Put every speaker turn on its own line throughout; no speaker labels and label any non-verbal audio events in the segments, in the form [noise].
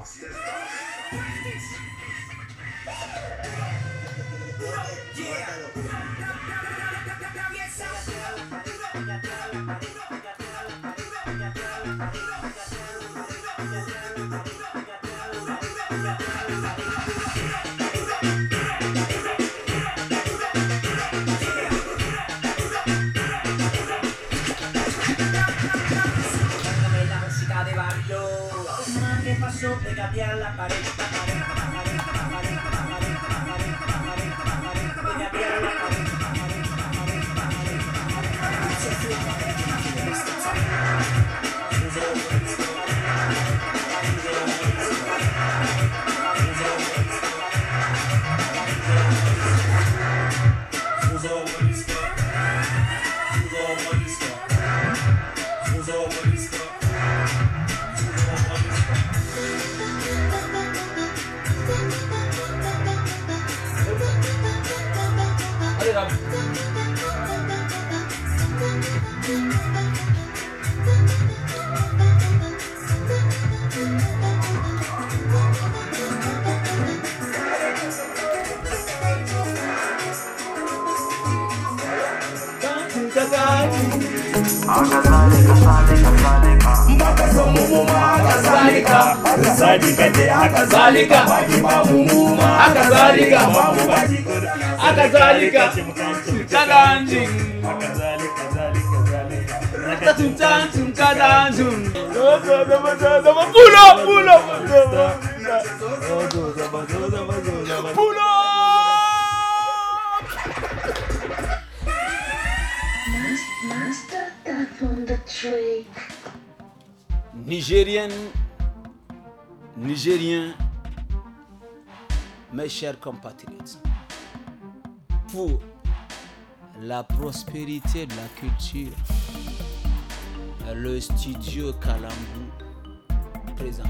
Música de barrio que pasó, la la pared,
mpaka somumuma akazalika sadikate
akazalika bakipamumuma Nigérienne, Nigérien, mes chers compatriotes, pour la prospérité de la culture, le studio Kalambu présente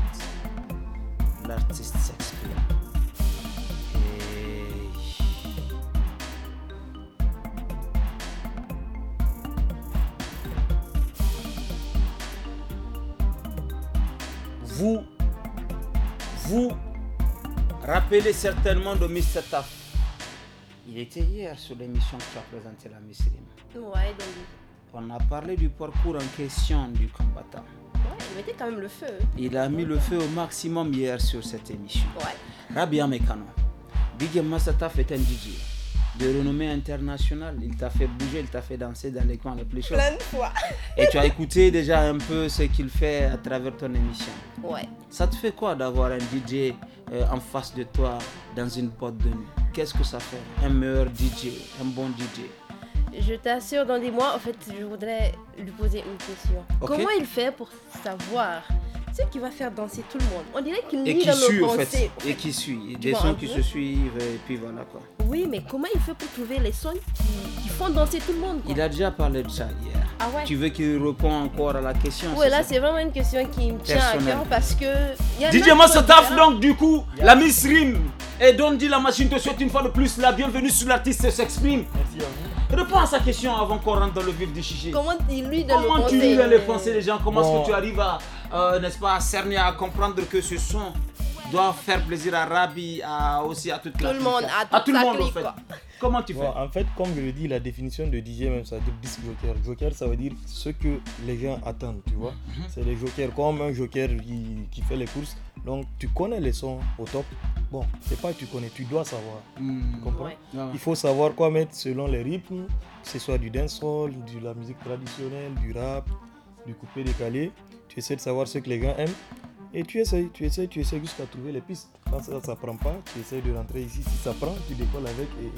l'artiste s'exprime. vous vous rappelez certainement de Mr. Taf. Il était hier sur l'émission que tu as la Muslim.
Ouais, donc...
On a parlé du parcours en question du combattant.
Ouais, il mettait quand même le feu.
Il a mis le feu au maximum hier sur cette émission. Ouais. Rabia Mekano. Big Taf est un DJ de renommée internationale. Il t'a fait bouger, il t'a fait danser dans les coins les plus chauds. Plein de fois. Et tu as écouté déjà un peu ce qu'il fait à travers ton émission. Ouais. Ça te fait quoi d'avoir un DJ euh, en face de toi dans une porte de nuit Qu'est-ce que ça fait Un meilleur DJ, un bon DJ
je t'assure, dans des mois, en fait, je voudrais lui poser une question. Comment il fait pour savoir Ce qui va faire danser tout le monde. On dirait qu'il est le en fait.
Et qui suit. Des sons qui se suivent, et puis voilà quoi.
Oui, mais comment il fait pour trouver les sons qui, font danser tout le monde Il
a déjà parlé de ça hier. Ah tu veux qu'il réponde encore à la question Oui, là, c'est
vraiment une question qui me tient à cœur parce que. Didier moi, ce taf, donc,
du coup, la Miss rime. et donc, dit la machine te souhaite une fois de plus la bienvenue sur l'artiste s'exprime. Merci à hein. Réponds à sa question avant qu'on rentre dans le vif du chichi. Comment
lui de Comment tu lui euh, les pensées
des gens Comment est-ce que tu arrives à, euh, n'est-ce pas, cerner, à comprendre que ce son doit faire plaisir à Rabi, à, aussi à toute tout la le monde,
à, tout, le monde en fait. Comment tu fais En fait, comme je le dis, la définition de DJ même ça veut dire disc joker. Joker, ça veut dire ce que les gens attendent, tu vois. Mhm. C'est les jokers, comme un joker qui, fait les courses. Donc tu connais les sons au top. Bon, c'est pas que tu connais, tu dois savoir.
Mhm. tu comprends
Il faut savoir quoi mettre selon les rythmes, que ce soit du dancehall, de la musique traditionnelle, du rap, du coupé décalé. Tu essaies de savoir ce que les gens aiment et tu essayes, tu essayes, tu essayes jusqu'à trouver les pistes. Quand ça ne prend pas, tu essayes de rentrer ici. Si ça prend, tu décolles avec. Et...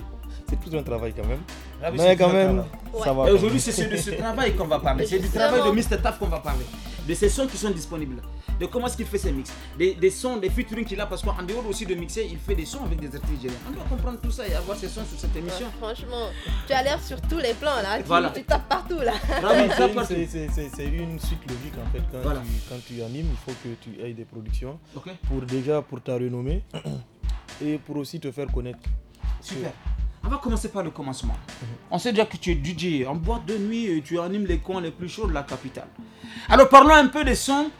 C'est plus un travail quand même. Ah Mais quand même, ça va. Et aujourd'hui, c'est de ce travail qu'on va parler. C'est du travail de Mr.
Taf qu'on va parler
de ses sons qui sont disponibles,
de comment est-ce qu'il fait ses mix, des, sons, des featuring qu'il a, parce qu'en dehors aussi de mixer, il fait des sons avec des artistes On doit
comprendre tout ça et avoir ses sons sur cette émission. Ah, franchement, tu as l'air sur tous les plans là, tu, tapes partout là.
C'est une suite logique en fait. Quand, tu, quand tu animes, il faut que tu ailles des productions pour déjà pour ta renommée [clears throat] et pour aussi te faire connaître. Super. On va
commencer par le commencement. Mhm. On sait déjà que tu es DJ en boîte de nuit et tu animes les coins les plus chauds de la capitale. Alors parlons un peu des sons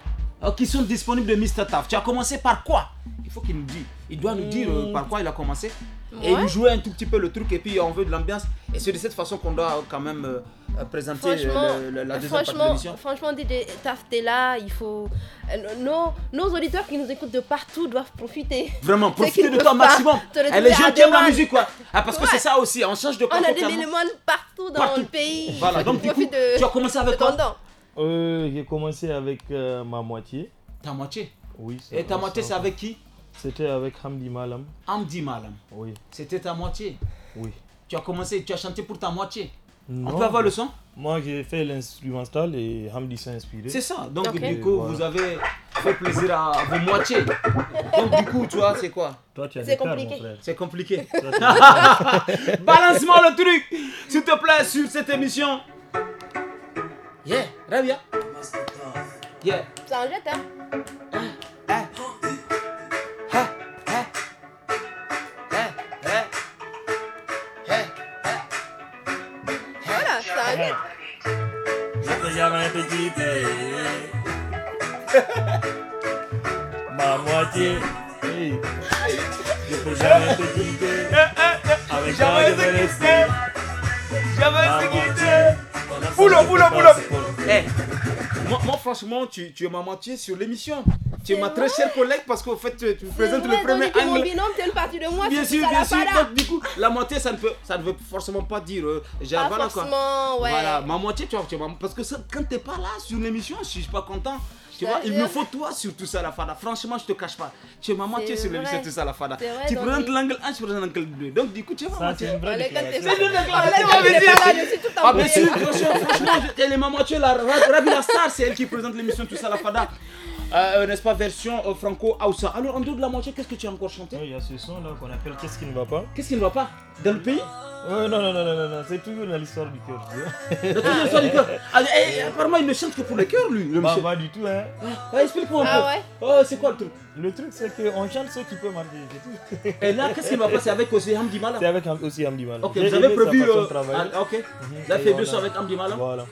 euh, qui sont disponibles de Mr. Taf. Tu as commencé par quoi Il faut qu'il nous dise. Il doit nous dire euh, par quoi il a commencé. Et nous jouer un tout petit peu le truc et puis on veut de l'ambiance. Et c'est de cette façon qu'on doit euh, quand même euh, présenter euh, la deuxième franchement, partie de
Franchement, DJ Taf, t'es là, il faut... Euh, nos, auditeurs qui nous écoutent de partout doivent profiter. Vraiment, [laughs] profiter de toi maximum. Eh, les gens qui aiment la musique,
quoi. Ah, parce que c'est ça aussi, on change de partout. On a des éléments
partout dans le pays. Voilà, donc du
tu as commencé avec quoi euh, J'ai commencé avec ma moitié. Ta moitié Oui. Et ta moitié, c'est avec qui C'était avec Hamdi Malam.
Hamdi Malam Oui. C'était ta moitié Oui. Tu as commencé, tu as chanté pour ta moitié
on peut avoir le son Moi, j'ai fait l'instrumental et Hamdi s'est inspiré. C'est ça. Donc, du coup, vous avez fait plaisir à vos moitiés. Donc, du coup, tu vois, c'est quoi Toi, tu as C'est compliqué. C'est compliqué.
[laughs] Balance-moi le
truc, s'il te plaît, sur cette émission. Yeah, Rabia. Yeah.
Ça en jette, hein
petite. Ma moitié. Je peux jamais te quitter. Avec toi, je te
quitter
Jamais te quitter.
Boulot, boulot, boulot. Eh, moi, moi, franchement, tu, tu es ma moitié sur l'émission. Tu es ma très chère collègue parce qu'en fait, tu, présentes le premier angle. Mon
c'est une partie de moi. Bien sûr, bien sûr. Donc,
du coup, la moitié, ça ne, peut, ça ne veut forcément pas dire. Euh, pas voilà, forcément, quoi. ouais. Voilà, ma moitié, tu vois. parce que quand tu n'es pas là sur l'émission, je suis pas content. Tu bah, vois, il me faut toi sur tout ça, la fada. Franchement, je te cache pas. Tu es ma moitié sur l'émission, tout ça, la fada. tu présentes l'angle 1, tu présentes l'angle 2. Donc, du coup, tu es ma moitié. C'est une vraie déclaration. C'est une Ah, bien sûr, franchement, elle est ma moitié. la star, c'est elle qui présente l'émission, tout ça, la fada. Euh, euh, n'est-ce pas, version euh, franco-aoussa. Alors, en dehors de la moitié, qu'est-ce que tu as encore chanté Il y a ce son-là qu'on appelle Qu'est-ce qui ne va pas Qu'est-ce qui ne va pas Dans le pays Non, non, non, non, non, non, c'est toujours dans l'histoire du cœur. toujours l'histoire du cœur. [laughs] Eh, eh, apparemment,
il ne chante que pour le cœur, lui. Le bah, pas bah, du tout, hein. Ah, bah, explique-moi un ah, peu. Ah, ouais. oh, c'est quoi le truc Le truc, c'est qu'on chante ce qui peut manger. Et là, qu'est-ce qui ne va C'est avec aussi Hamdi C'est avec aussi Hamdi Malam. Ok, vous avez prévu. Ah, ok. Mhm. Là, fait deux sons avec Hamdi Malam. Voilà.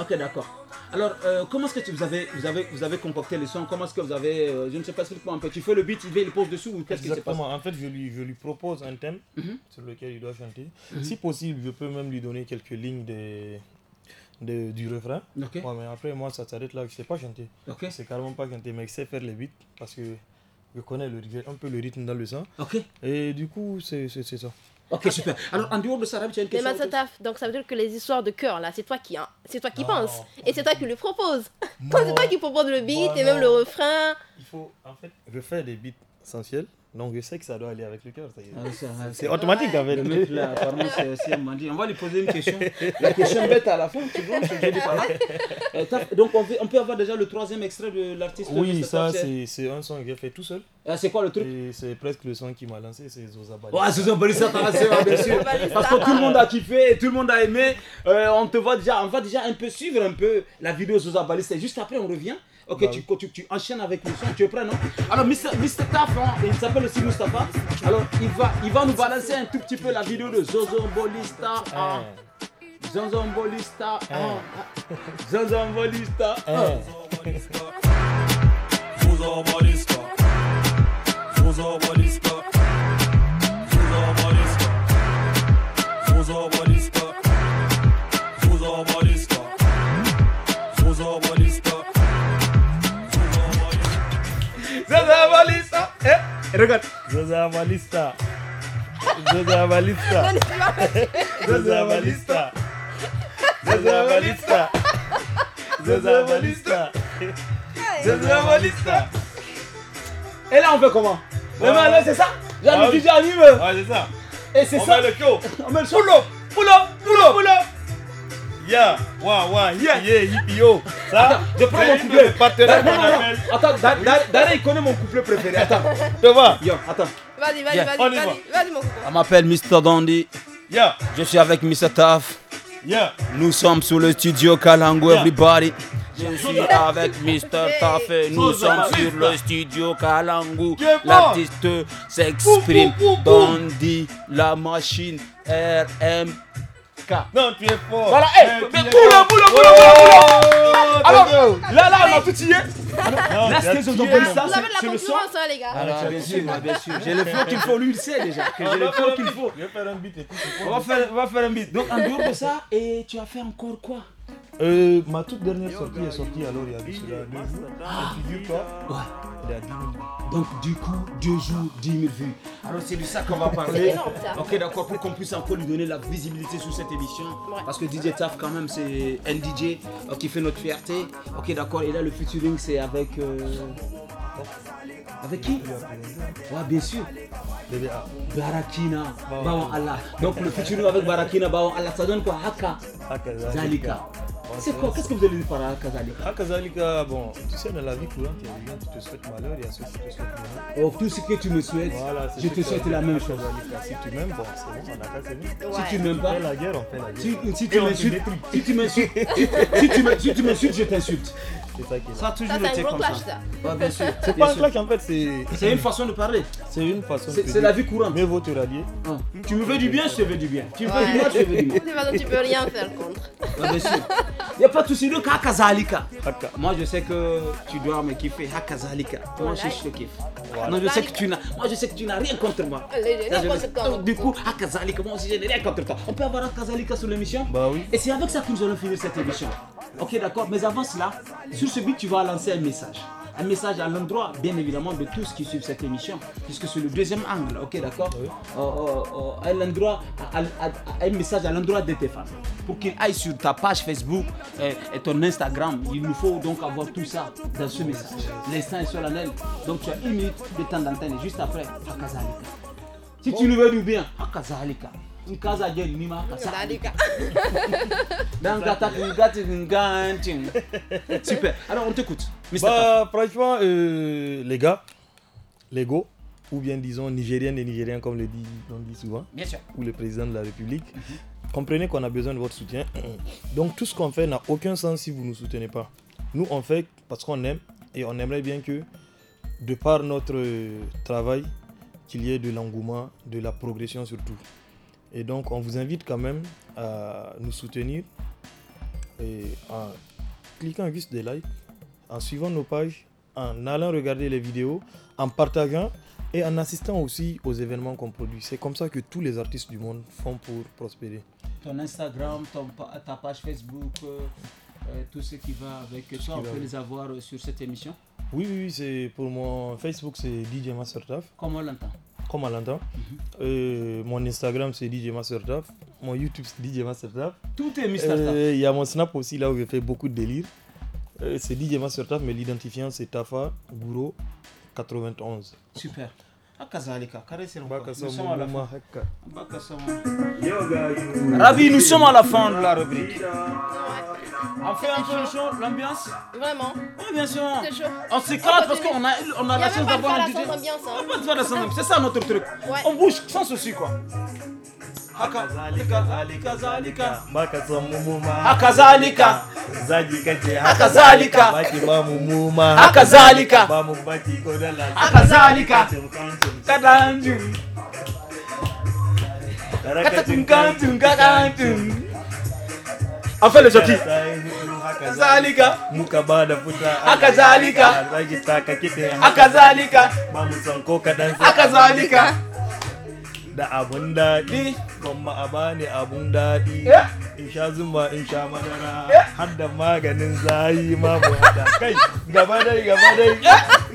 Ok, d'accord. Alors, euh, comment est-ce que vous, avez, vous, avez, vous avez concocté le son Comment
est-ce que vous avez, euh, je ne sais pas, explique-moi un peu. Tu fais le beat, il, va le pose dessus ou qu'est-ce qui se passe En fait, je lui, je lui propose un thème mhm. sur lequel il doit chanter. Mhm. Si possible, je peux même lui donner quelques lignes de, de, du refrain. mais après, moi, ça s'arrête là, je ne sais pas chanter. Je ne sais carrément pas chanter, mais je sais faire les beats parce que je connais le, un peu le rythme dans le son. Et du coup, c'est ça. Ok, ah, super. Alors, en dehors de ça, tu as une question. Mais
taf. donc ça veut dire que les histoires de cœur, là, c'est toi qui, hein, c'est toi qui penses. Et c'est toi qui lui propose. [laughs] c'est toi qui propose le beat et même le refrain.
Il faut, en fait, je fais des beats essentiels. Donc je sais que ça doit aller avec le cœur. Ah, c'est automatique en Le mec là, apparemment,
c'est
On va lui poser une question. [laughs] La question bête à
la fin, tu vois, je dis pas Donc on, peut avoir déjà le troisième extrait de l'artiste. Oui, ça,
c'est un son que j'ai fait tout seul. Ah, c'est quoi le truc C'est presque le son qui m'a lancé, c'est Zozabalista. Ouais, Zozabali, ça t'a lancé, hein, bien sûr. Parce que tout le monde a kiffé, tout le monde a aimé. Euh, on te voit
déjà, on va déjà un peu suivre un peu la vidéo Zozabalista C'est juste après, on revient. Ok, bah tu, tu, tu enchaînes avec le son, tu es prêt, non Alors, Mr. Mister, Mister Taf, hein, il s'appelle aussi Mustapha. Alors, il va, il va nous balancer un tout petit peu la vidéo de Zozombolista 1. Eh. Hey. Ah. Zozombolista 1. Eh. Hey. Ah.
Zozombolista 1. Eh. Hey. Ah. Zozombolista 1. Zozombolista 1. Regarde. Zaza Malista. Zaza Malista. Zaza Malista. Zaza Malista. Zaza Malista. Zaza Malista.
Et là, on fait comment Le c'est ça Là, le ah DJ arrive. Ouais, c'est ça. Et c'est ça. On met le kyo. On met le Yeah, wow, wow, yeah, yeah, hippio. Ça, je prends mon couplet. Partenaire non, non, Attends, Dar il connaît mon couplet préféré. Attends, tu vois. Yo, attends.
Vas-y, vas-y, vas-y, vas-y, mon couplet.
On m'appelle Mr. Dandy. Yeah. Je suis avec Mr. Taf. Yeah. Nous sommes sur le studio Kalango, everybody. Je suis avec Mr. Taf. nous sommes sur le studio Kalangu. L'artiste s'exprime. Dandy, la machine, RM non, tu es fort. Voilà, hé, eh, mais boule, boule, boule, boule, Alors, là, là, on a tout tiré. Là, ce que je vous avez la c'est le son. Hein, les gars. Alors, bien sûr, bien sûr. J'ai le flow qu'il faut, lui, il sait déjà. J'ai le flow qu'il faut. Je vais faire un beat On
va faire un beat. Donc, en dehors de
ça, et tu as fait encore
quoi
euh, ma toute dernière sortie est sortie alors il y a deux jours. Ah. Ouais. Il a 10 000 vues. Donc du coup, deux jours, 10 000 vues. Alors c'est de ça qu'on va parler.
ok d'accord, pour qu'on puisse encore lui donner la visibilité sur cette émission. Parce que DJ Taf quand même c'est un DJ euh, qui fait notre fierté. Ok d'accord, et là le featuring c'est avec... Euh, avec qui Ouais, bien sûr. Barakina,
ah, Bawan Allah. Donc le featuring
avec Barakina, Bawan Allah, ça donne quoi
Haka. Zalika. Bah, c'est quoi Qu'est-ce que vous allez dire par Akazalika Akazalika, bon, tu sais, dans la vie courante, il y a des gens qui te souhaitent malheur, il y a ceux qui te souhaitent malheur. Oh, tout ce que tu me souhaites, je te souhaite la même chose. Si tu m'aimes, bon, c'est bon, on a c'est Si tu m'aimes pas, on fait la guerre, on fait la guerre. Si, tu m'insultes, tu je t'insulte. C'est ça qui est Ça C'est pas un clash en fait, c'est. C'est une façon de parler. C'est une façon. C'est la vie courante. Mais vous te rallier. Ah. Tu me fais du bien, je te fais du bien. Tu me fais du mal, je te fais du bien. [laughs] Tu peux rien faire
contre. bien sûr.
[laughs] Il n'y a pas de souci, qu'à Hakazalika. Moi, je sais que tu dois me kiffer Hakazalika. Moi, je, te Non, je sais que tu n'as, moi, je sais que tu n'as rien contre moi. du coup, Hakazalika, ah, moi aussi, je n'ai rien contre toi. On peut avoir Hakazalika sur l'émission Bah oui. Et c'est avec ça que nous allons finir cette émission. Ok, d'accord. Mais avant cela, sur ce beat, tu vas lancer un message un message à l'endroit, bien évidemment, de tous qui suivent cette émission, puisque c'est le deuxième angle, ok, d'accord euh, euh, euh, un message à l'endroit de tes fans, pour qu'ils aillent sur ta page Facebook et, ton Instagram. Il nous faut donc avoir tout ça dans ce message. L'instant est solennel, donc tu as une minute de temps d'antenne, juste après, à Si tu nous veux du bien, à ni [laughs] super alors on t'écoute
bah, franchement euh, les gars Lego ou bien disons Nigériens et nigériens comme le dit on dit souvent ou le président de la République mhm. comprenez qu'on a besoin de votre soutien donc tout ce qu'on fait n'a aucun sens si vous ne nous soutenez pas nous on fait parce qu'on aime et on aimerait bien que de par notre travail qu'il y ait de l'engouement, de la progression surtout. Et donc, on vous invite quand même à nous soutenir en cliquant juste des likes, en suivant nos pages, en allant regarder les vidéos, en partageant et en assistant aussi aux événements qu'on produit. C'est comme ça que tous les artistes du monde font pour prospérer.
Ton Instagram, ta page Facebook, euh, euh, tout ce qui va avec ça toi, on peut les avoir euh, sur cette émission
Oui, oui, c'est pour moi, Facebook, c'est DJ Mastertaf. Comment on l'entend comme à l'entend. Mhm. Euh, mon Instagram, c'est DJ Master Taf, Mon YouTube, c'est DJ Master Taf. Tout est Mr. Euh, il y a mon Snap aussi, là où je fais beaucoup de délire. Euh, c'est DJ Master Taf, mais l'identifiant, c'est Tafa Gouro 91. Super. Ravi, nous sommes à la fin de la rubrique.
On fait un peu
le chaud, l'ambiance
Vraiment Oui, bien sûr. On s'éclate parce qu'on
a, on a la chance d'avoir un DJ. Hein. On te faire la sans ambiance, c'est ça notre truc. On bouge sans souci quoi.
Akazalika. Akazalika. Akazalika. Akazalika. Akazalika. Akazalika. akazalika hafala shati zalika muka akazalika da fita haka zalika zaki taka
kite akazalika zalika ba
mu da abun daɗi gwamma abani bani abun daɗi eh. in sha zuma in sha madara eh. har da maganin zayi ma bu kai gaba dai gaba dai eh.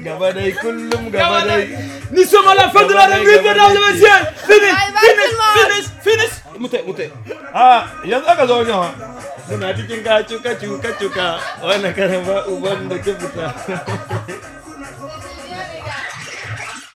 gaba dai kullum gaba dai ni so mala fadra da gwi da dalma siyan finish
finish finish
finish mutai mutai a ah, yanzu aka zo wajen suna cikin ka cuka cuka cuka wani karin ba uban da ki
fita